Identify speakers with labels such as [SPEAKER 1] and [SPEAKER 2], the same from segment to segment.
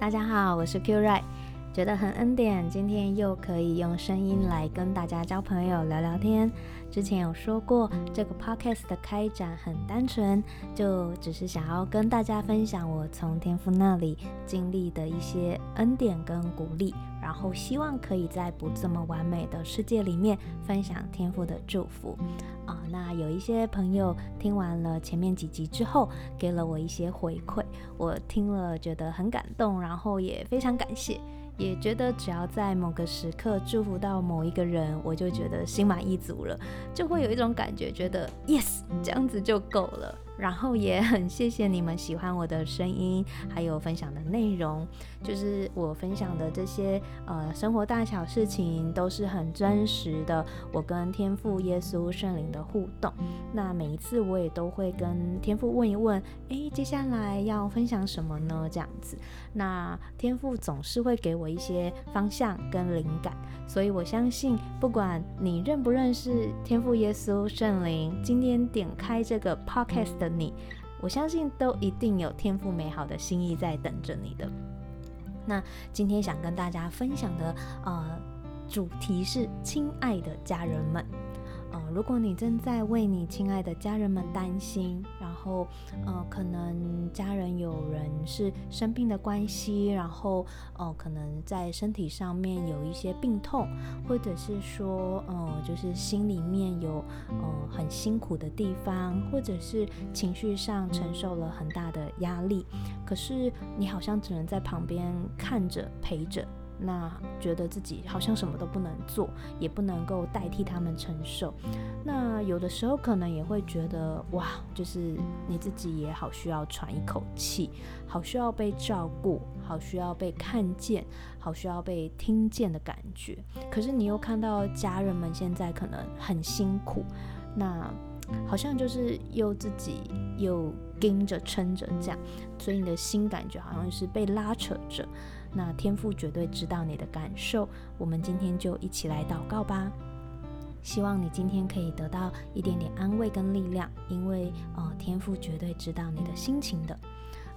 [SPEAKER 1] 大家好，我是 Q Ray，覺得很恩典，今天又可以用聲音來跟大家交朋友、聊聊天。之前有說過，這個 Podcast 的開展很單純，就只是想要跟大家分享我從天父那裡經歷的一些恩典跟鼓勵，然後希望可以在不這麼完美的世界裡面分享天父的祝福。啊、哦，那有一些朋友聽完了前面幾集之後，給了我一些回饋。我聽了覺得很感動，然後也非常感謝，也覺得只要在某個時刻祝福到某一個人，我就覺得心滿意足了，就會有一種感覺，覺得 Yes，這樣子就夠了。然後也很謝謝你們喜歡我的聲音，還有分享的內容，就是我分享的這些呃生活大小事情都是很真實的，我跟天父耶穌聖靈的互動。那每一次我也都會跟天父問一問，哎，接下來要分享什麼呢？這樣子，那天父總是會給我一些方向跟靈感，所以我相信，不管你認不認識天父耶穌聖靈，今天點開這個 podcast 的你，我相信都一定有天父美好的心意在等着你的。那今天想跟大家分享的，呃，主題是親愛的家人們。嗯、呃，如果你正在為你親愛的家人們擔心，然後，呃，可能家人有人是生病的關係，然後，哦、呃，可能在身體上面有一些病痛，或者是說，呃就是心裡面有，呃很辛苦的地方，或者是情緒上承受了很大的壓力，可是你好像只能在旁邊看着陪着。那覺得自己好像什麼都不能做，也不能夠代替他們承受。那有的時候可能也會覺得，哇，就是你自己也好需要喘一口氣，好需要被照顧，好需要被看見，好需要被聽見的感覺。可是你又看到家人們現在可能很辛苦，那好像就是又自己。又跟着撐着，這樣，所以你的心感覺好像是被拉扯着。那天父絕對知道你的感受。我們今天就一起來禱告吧，希望你今天可以得到一點點安慰跟力量，因為呃，天父絕對知道你的心情的。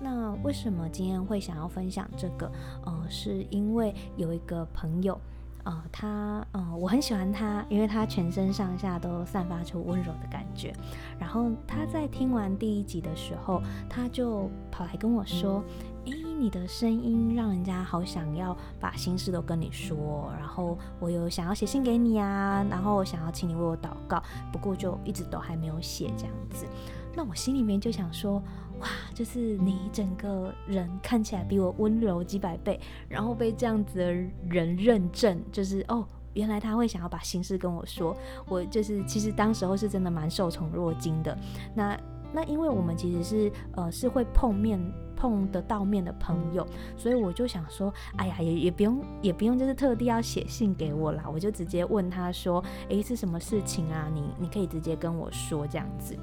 [SPEAKER 1] 那為什麼今天會想要分享這個？呃，是因為有一個朋友。呃，他，呃，我很喜歡他，因為他全身上下都散發出溫柔的感覺。然後他在聽完第一集的時候，他就跑來跟我說：“欸，你的聲音讓人家好想要把心事都跟你說，然後我有想要寫信給你啊，然後我想要請你為我禱告，不過就一直都還沒有寫這樣子。”那我心裡面就想說，哇，就是你整個人看起來比我溫柔幾百倍，然後被這樣子的人認證，就是哦，原來他會想要把心事跟我說，我就是其實當時候是真的蠻受寵若驚的。那那因為我們其實是呃是會碰面碰得到面的朋友，所以我就想說，哎呀，也也不用也不用就是特地要寫信給我啦，我就直接問他說，誒、欸，是什麼事情啊？你你可以直接跟我說這樣子。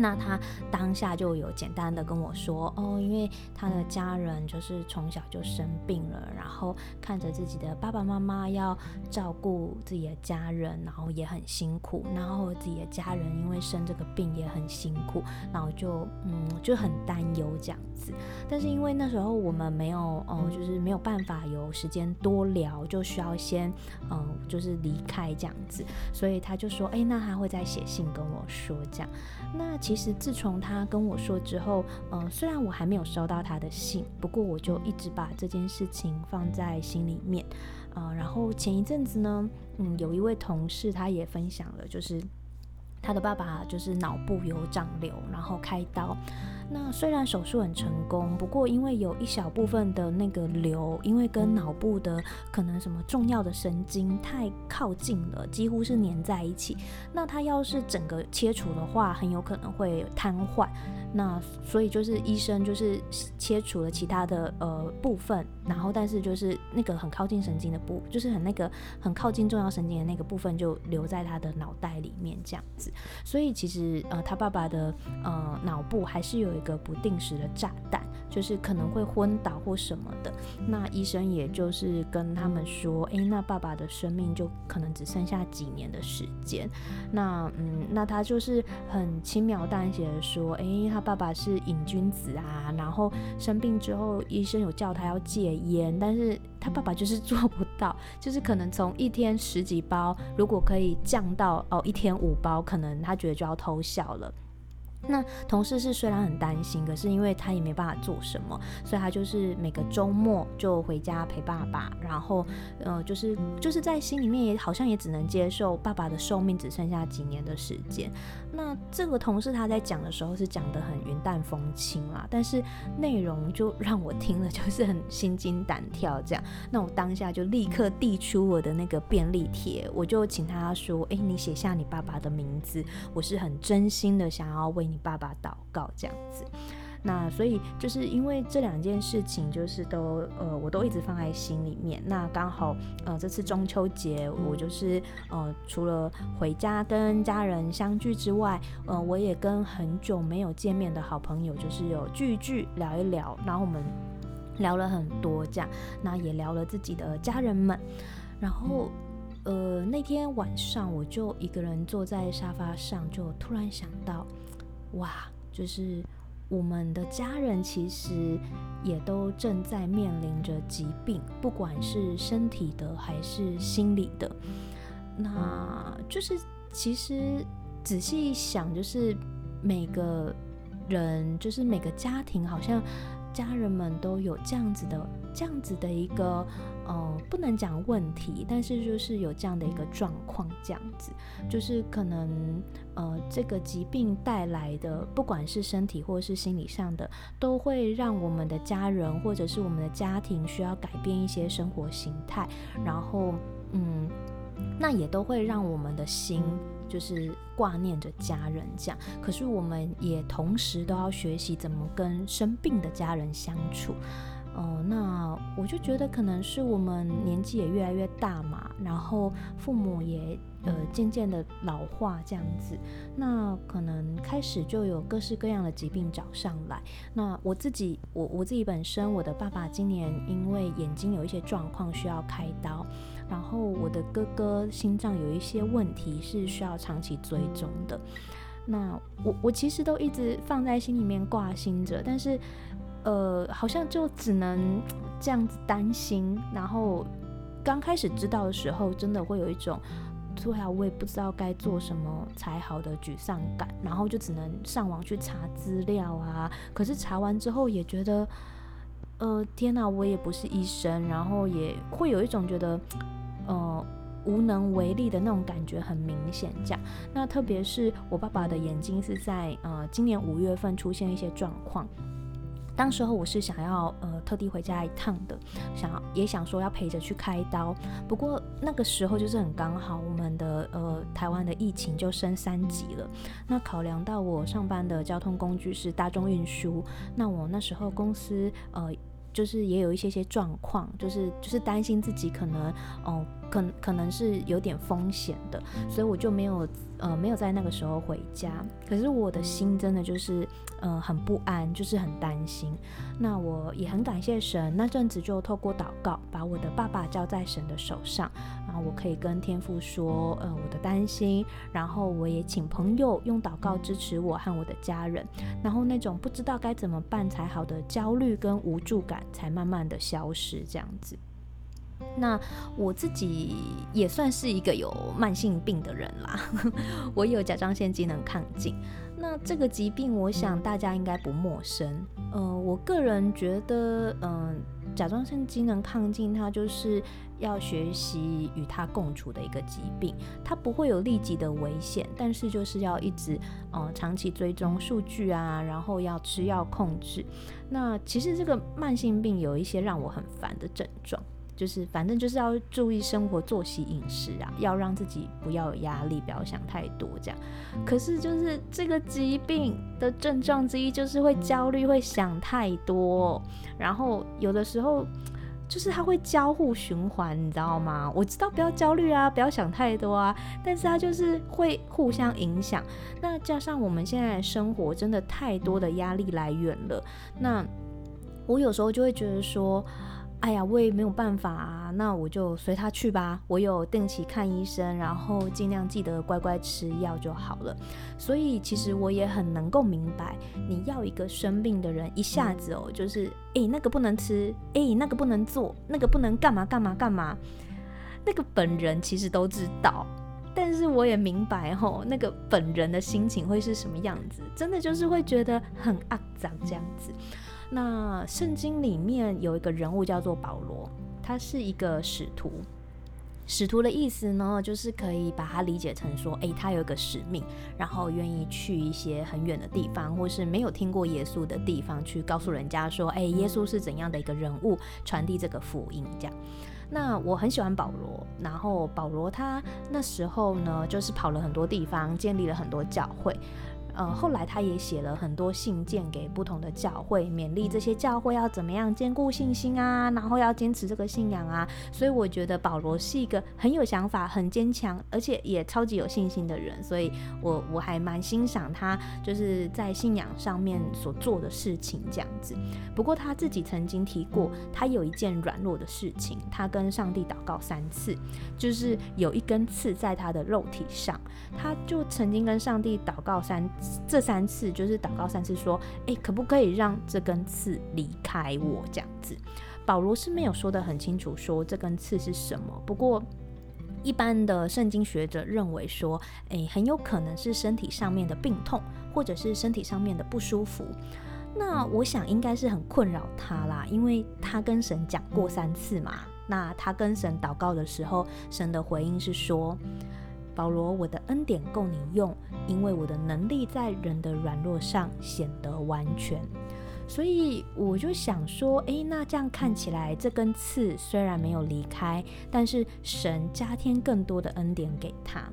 [SPEAKER 1] 那他當下就有簡單的跟我說哦，因為他的家人就是從小就生病了，然後看着自己的爸爸媽媽要照顧自己的家人，然後也很辛苦，然後自己的家人因為生這個病也很辛苦，然後就嗯就很擔憂這樣子。但是因為那時候我們沒有哦，就是沒有辦法有時間多聊，就需要先嗯、呃、就是離開這樣子，所以他就說，哎、欸，那他會再寫信跟我說這樣，那。其實自從他跟我說之後，嗯、呃，雖然我還沒有收到他的信，不過我就一直把這件事情放在心裡面，嗯、呃，然後前一陣子呢，嗯，有一位同事他也分享了，就是他的爸爸就是腦部有長瘤，然後開刀。那雖然手術很成功，不過因為有一小部分的那個瘤，因為跟腦部的可能什麼重要的神經太靠近了，幾乎是粘在一起。那他要是整個切除的話，很有可能會癱瘓。那所以就是醫生就是切除了其他的呃部分，然後但是就是那個很靠近神經的部，就是很那個很靠近重要神經的那個部分就留在他的腦袋裡面這樣子。所以其實呃他爸爸的呃腦部還是有。個不定時的炸彈，就是可能會昏倒或什麼的。那醫生也就是跟他們說，誒，那爸爸的生命就可能只剩下幾年的時間。那嗯，那他就是很輕描淡寫的說，誒，他爸爸是癮君子啊。然後生病之後，醫生有叫他要戒菸，但是他爸爸就是做不到。就是可能從一天十幾包，如果可以降到哦一天五包，可能他覺得就要偷笑了。那同事是雖然很擔心，可是因為他也沒辦法做什麼，所以他就是每個周末就回家陪爸爸，然後呃，就是就是在心裡面也好像也只能接受爸爸的壽命只剩下幾年的時間。那這個同事他在講的時候是講得很雲淡風輕啊，但是內容就讓我聽了就是很心驚膽跳這樣。那我當下就立刻遞出我的那個便利貼，我就請他說，哎，你寫下你爸爸的名字，我是很真心的想要為。你爸爸禱告這樣子，那所以就是因為這兩件事情，就是都呃，我都一直放在心裡面。那剛好呃，這次中秋節，我就是呃，除了回家跟家人相聚之外，呃，我也跟很久沒有見面的好朋友，就是有聚一聚，聊一聊，然後我們聊了很多這樣，那也聊了自己的家人們。然後呃，那天晚上我就一個人坐在沙發上，就突然想到。哇，就是我們的家人其實也都正在面臨着疾病，不管是身體的還是心理的。那就是其實仔細想，就是每個人，就是每個家庭，好像家人們都有這樣子的這樣子的一個。哦、呃，不能講問題，但是就是有這樣的一個狀況，這樣子，就是可能呃，這個疾病帶來的，不管是身體或是心理上的，都會讓我們的家人或者是我們的家庭需要改變一些生活形態，然後嗯，那也都會讓我們的心就是掛念着家人，這樣。可是我們也同時都要學習怎麼跟生病的家人相處。哦、呃，那我就覺得可能是我們年紀也越來越大嘛，然後父母也呃漸漸的老化這樣子，那可能開始就有各式各樣的疾病找上來。那我自己，我我自己本身，我的爸爸今年因為眼睛有一些狀況需要開刀，然後我的哥哥心臟有一些問題是需要長期追蹤的。那我我其實都一直放在心裡面掛心着，但是。呃，好像就只能這樣子擔心。然後剛開始知道的時候，真的會有一種，突然、啊、我也不知道該做什麼才好的沮喪感。然後就只能上網去查資料啊。可是查完之後也覺得，呃，天哪，我也不是醫生。然後也會有一種覺得，呃，無能為力的那種感覺，很明顯。這樣，那特別是我爸爸的眼睛是在呃今年五月份出現一些狀況。當時候我是想要呃特地回家一趟的，想要也想說要陪着去開刀，不過那個時候就是很剛好，我們的呃台灣的疫情就升三級了。那考量到我上班的交通工具是大眾運輸，那我那時候公司呃就是也有一些些狀況，就是就是擔心自己可能哦。可可能是有點風險的，所以我就沒有呃沒有在那個時候回家。可是我的心真的就是呃很不安，就是很擔心。那我也很感謝神，那陣子就透過禱告把我的爸爸交在神的手上，然後我可以跟天父說呃我的擔心，然後我也請朋友用禱告支持我和我的家人，然後那種不知道該怎麼辦才好的焦慮跟無助感才慢慢的消失，這樣子。那我自己也算是一個有慢性病的人啦， 我有甲狀腺機能亢進。那這個疾病，我想大家應該不陌生。嗯、呃，我個人覺得，嗯、呃，甲狀腺機能亢進，它就是要學習與它共處的一個疾病，它不會有立即的危險，但是就是要一直，嗯、呃，長期追蹤數據啊，然後要吃藥控制。那其實這個慢性病有一些讓我很煩的症狀。就是反正就是要注意生活作息、飲食啊，要讓自己不要有壓力，不要想太多這樣。可是就是這個疾病的症狀之一就是會焦慮，會想太多，然後有的時候就是它會交互循環，你知道嗎？我知道不要焦慮啊，不要想太多啊，但是它就是會互相影響。那加上我們現在生活真的太多的壓力來源了，那我有時候就會覺得說，哎呀，我也沒有辦法，啊，那我就隨他去吧。我有定期看醫生，然後盡量記得乖乖吃藥就好了。所以其實我也很能夠明白，你要一個生病的人一下子哦，就是哎，那個不能吃，哎，那個不能做，那個不能幹嘛幹嘛幹嘛，那個本人其實都知道。但是我也明白吼、哦，那個本人的心情會是什麼樣子，真的就是會覺得很阿雜這樣子。那聖經裡面有一個人物叫做保羅，他是一個使徒。使徒的意思呢，就是可以把它理解成說，哎、欸，他有一個使命，然後願意去一些很遠的地方，或是沒有聽過耶穌的地方，去告訴人家說，哎、欸，耶穌是怎樣的一個人物，傳遞這個福音。這樣，那我很喜歡保羅。然後保羅他那時候呢，就是跑了很多地方，建立了很多教會。呃，後來他也寫了很多信件給不同的教會，勉勵這些教會要怎麼樣堅固信心啊，然後要堅持這個信仰啊。所以我覺得保羅是一個很有想法、很堅強，而且也超級有信心的人。所以我，我我還蠻欣賞他就是在信仰上面所做的事情這樣子。不過他自己曾經提過，他有一件軟弱的事情，他跟上帝禱告三次，就是有一根刺在他的肉體上，他就曾經跟上帝禱告三次。這三次就是禱告三次，說，誒，可不可以讓這根刺離開我這樣子？保羅是沒有說得很清楚，說這根刺是什麼。不過，一般的聖經學者認為說，誒，很有可能是身體上面的病痛，或者是身體上面的不舒服。那我想應該是很困擾他啦，因為他跟神講過三次嘛。那他跟神禱告的時候，神的回應是說，保羅，我的恩典夠你用，因為我的能力在人的軟弱上顯得完全。所以我就想說，誒，那這樣看起來，這根刺雖然沒有離開，但是神加添更多的恩典給他。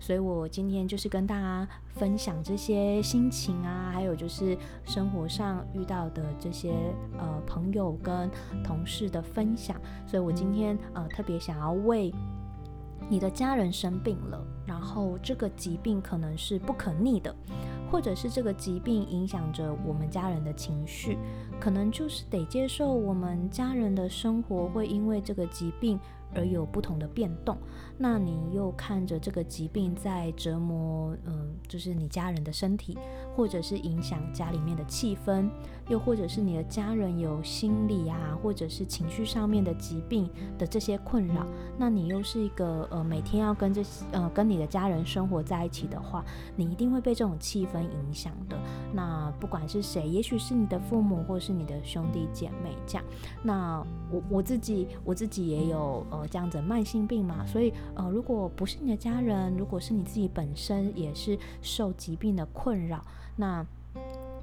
[SPEAKER 1] 所以我今天就是跟大家分享這些心情啊，還有就是生活上遇到的這些呃朋友跟同事的分享。所以我今天呃特別想要為你的家人生病了，然後這個疾病可能是不可逆的，或者是這個疾病影響着我們家人的情緒，可能就是得接受我們家人的生活會因為這個疾病而有不同的變動，那你又看着這個疾病在折磨，嗯、呃，就是你家人的身體，或者是影響家裡面的氣氛，又或者是你的家人有心理啊，或者是情緒上面的疾病的這些困擾，那你又是一個呃，每天要跟這呃跟你的家人生活在一起的話，你一定會被這種氣氛影響的。那不管是誰，也許是你的父母，或是你的兄弟姐妹這樣。那我我自己，我自己也有。呃這樣子慢性病嘛，所以呃，如果不是你的家人，如果是你自己本身也是受疾病的困擾，那。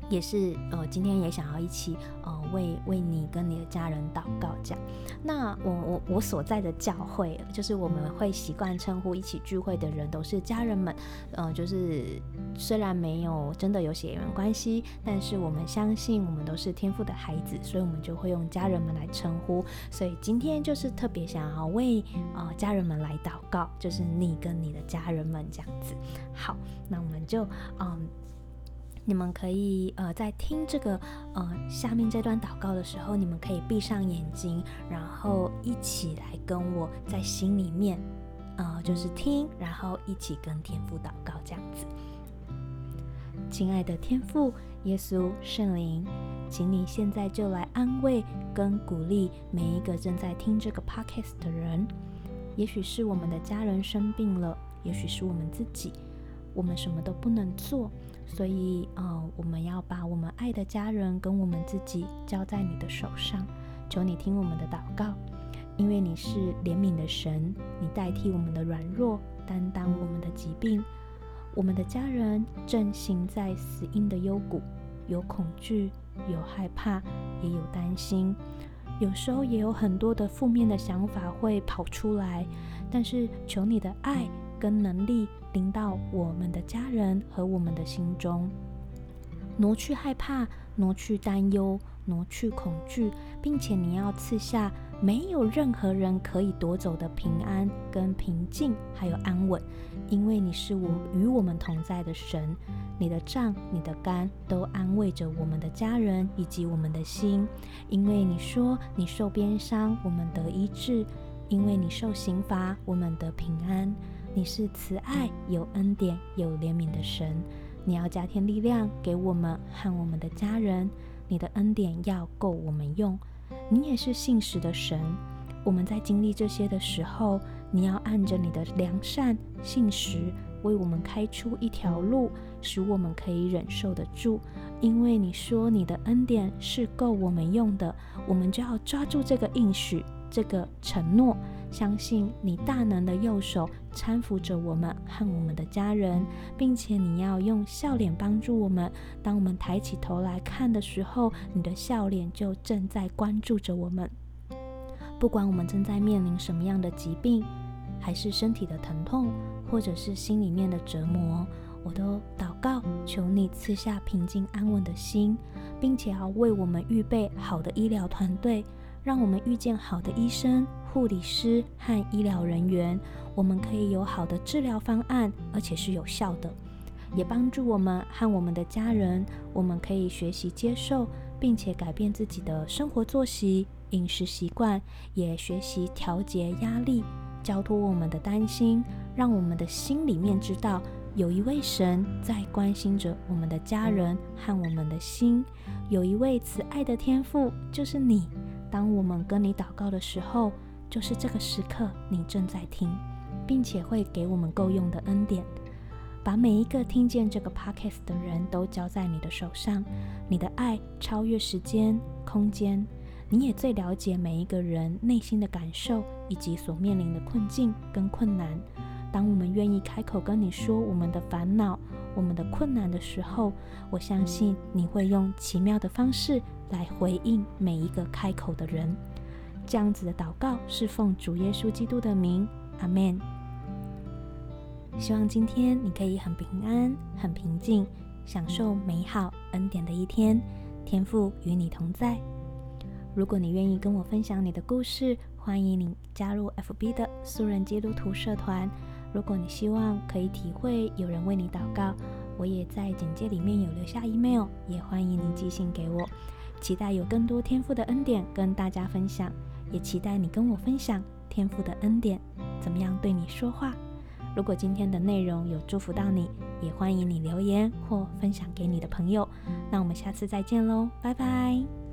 [SPEAKER 1] 也是，呃，今天也想要一起，呃，為為你跟你的家人禱告這樣。那我我我所在的教會，就是我們會習慣稱呼一起聚會的人都是家人們，呃，就是雖然沒有真的有血緣關係，但是我們相信我們都是天父的孩子，所以我們就會用家人們來稱呼。所以今天就是特別想要為呃家人們來禱告，就是你跟你的家人們這樣子。好，那我們就嗯。呃你們可以呃，在聽這個呃下面這段禱告的時候，你們可以閉上眼睛，然後一起來跟我在心裡面，呃，就是聽，然後一起跟天父禱告這樣子。親愛的天父，耶穌聖靈，請你現在就來安慰跟鼓勵每一個正在聽這個 podcast 的人。也許是我們的家人生病了，也許是我們自己，我們什麼都不能做。所以，嗯、哦，我們要把我們愛的家人跟我們自己交在你的手上，求你聽我們的禱告，因為你是憐憫的神，你代替我們的軟弱，擔當我們的疾病。我們的家人正行在死蔭的幽谷，有恐懼，有害怕，也有擔心，有時候也有很多的負面的想法會跑出來，但是求你的愛。跟能力臨到我們的家人和我們的心中，挪去害怕，挪去擔憂，挪去恐懼，並且你要賜下沒有任何人可以奪走的平安跟平靜，還有安穩。因為你是我與我們同在的神，你的杖、你的竿都安慰着我們的家人以及我們的心。因為你說你受鞭傷，我們得醫治；因為你受刑罰，我們得平安。你是慈愛、有恩典、有憐憫的神，你要加添力量給我們和我們的家人。你的恩典要夠我們用。你也是信實的神，我們在經歷這些的時候，你要按着你的良善信實為我們開出一條路，使我們可以忍受得住。因為你說你的恩典是夠我們用的，我們就要抓住這個應許，這個承諾。相信你大能的右手攙扶着我們和我們的家人，並且你要用笑臉幫助我們。當我們抬起頭來看的時候，你的笑臉就正在關注着我們。不管我們正在面臨什麼樣的疾病，還是身體的疼痛，或者是心裡面的折磨，我都禱告求你賜下平靜安穩的心，並且要為我們預備好的醫療團隊，讓我們遇見好的醫生。護理師和醫療人員，我們可以有好的治療方案，而且是有效的，也幫助我們和我們的家人。我們可以學習接受，並且改變自己的生活作息、飲食習慣，也學習調節壓力，交托我們的擔心，讓我們的心裡面知道，有一位神在關心着我們的家人和我們的心，有一位慈愛的天父就是你。當我們跟你禱告的時候，就是這個時刻，你正在聽，並且會給我們夠用的恩典。把每一個聽見這個 podcast 的人都交在你的手上，你的愛超越時間、空間。你也最了解每一個人內心的感受以及所面臨的困境跟困難。當我們願意開口跟你說我們的煩惱、我們的困難的時候，我相信你會用奇妙的方式來回應每一個開口的人。這樣子的禱告是奉主耶穌基督的名，阿門。希望今天你可以很平安、很平靜，享受美好恩典的一天。天父與你同在。如果你願意跟我分享你的故事，歡迎你加入 FB 的素人基督徒社團。如果你希望可以體會有人為你禱告，我也在簡介裡面有留下 email，也歡迎你寄信給我。期待有更多天父的恩典跟大家分享。也期待你跟我分享天父的恩典，怎麼樣對你說話？如果今天的內容有祝福到你，也歡迎你留言或分享給你的朋友。嗯、那我們下次再見嘍，拜拜。